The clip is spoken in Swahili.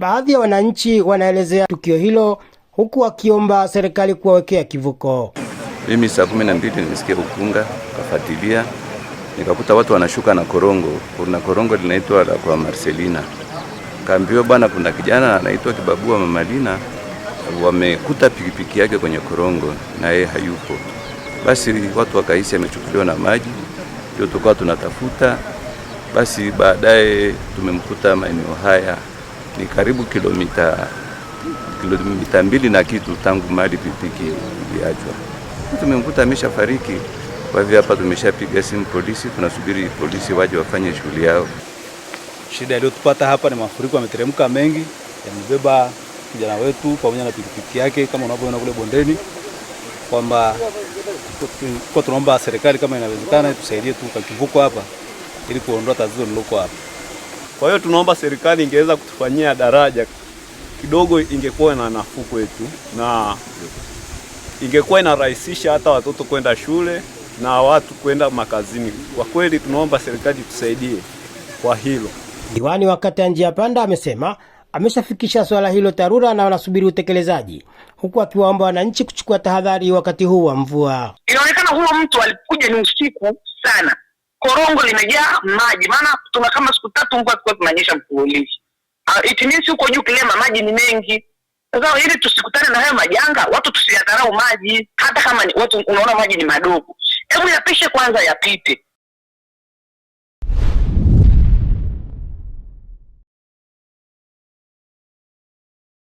Baadhi ya wananchi wanaelezea tukio hilo huku wakiomba serikali kuwawekea kivuko. Mimi saa kumi na mbili nimesikia Ukunga, kafatilia nikakuta watu wanashuka na korongo. Kuna korongo linaitwa la kwa Marcelina, kaambiwa bwana, kuna kijana anaitwa Kibabua Mamalina, wamekuta pikipiki yake kwenye korongo na yeye hayupo. Basi watu wakahisi amechukuliwa na maji, ndio tukawa tunatafuta. Basi baadaye tumemkuta maeneo haya ni karibu kilomita kilomita mbili na kitu tangu mali pikipiki iliachwa. Tumemkuta ameshafariki. Kwa hivyo hapa tumeshapiga simu polisi, tunasubiri polisi waje wafanye shughuli yao. Shida iliyotupata hapa ni mafuriko yameteremka mengi, yamebeba kijana wetu pamoja na pikipiki yake kama unavyoona kule bondeni, kwamba kwa tunaomba serikali kama inawezekana itusaidie kakivuko hapa ili kuondoa tatizo lililoko hapa. Kwa hiyo tunaomba serikali ingeweza kutufanyia daraja kidogo, ingekuwa na nafuu kwetu na ingekuwa inarahisisha hata watoto kwenda shule na watu kwenda makazini. Kwa kweli tunaomba serikali tusaidie kwa hilo. Diwani wa kata ya njia panda amesema ameshafikisha swala hilo TARURA na wanasubiri utekelezaji, huku akiwaomba wananchi kuchukua tahadhari wakati huu wa mvua. Inaonekana huyo mtu alikuja ni usiku sana korongo limejaa maji, maana tuna kama siku tatu mvua tulikuwa tunanyesha mfululizi Uh, ah, it means huko juu kilema maji ni mengi. Sasa ili tusikutane na hayo majanga, watu tusiyadharau maji, hata kama ni, watu unaona maji ni madogo, hebu yapishe kwanza, yapite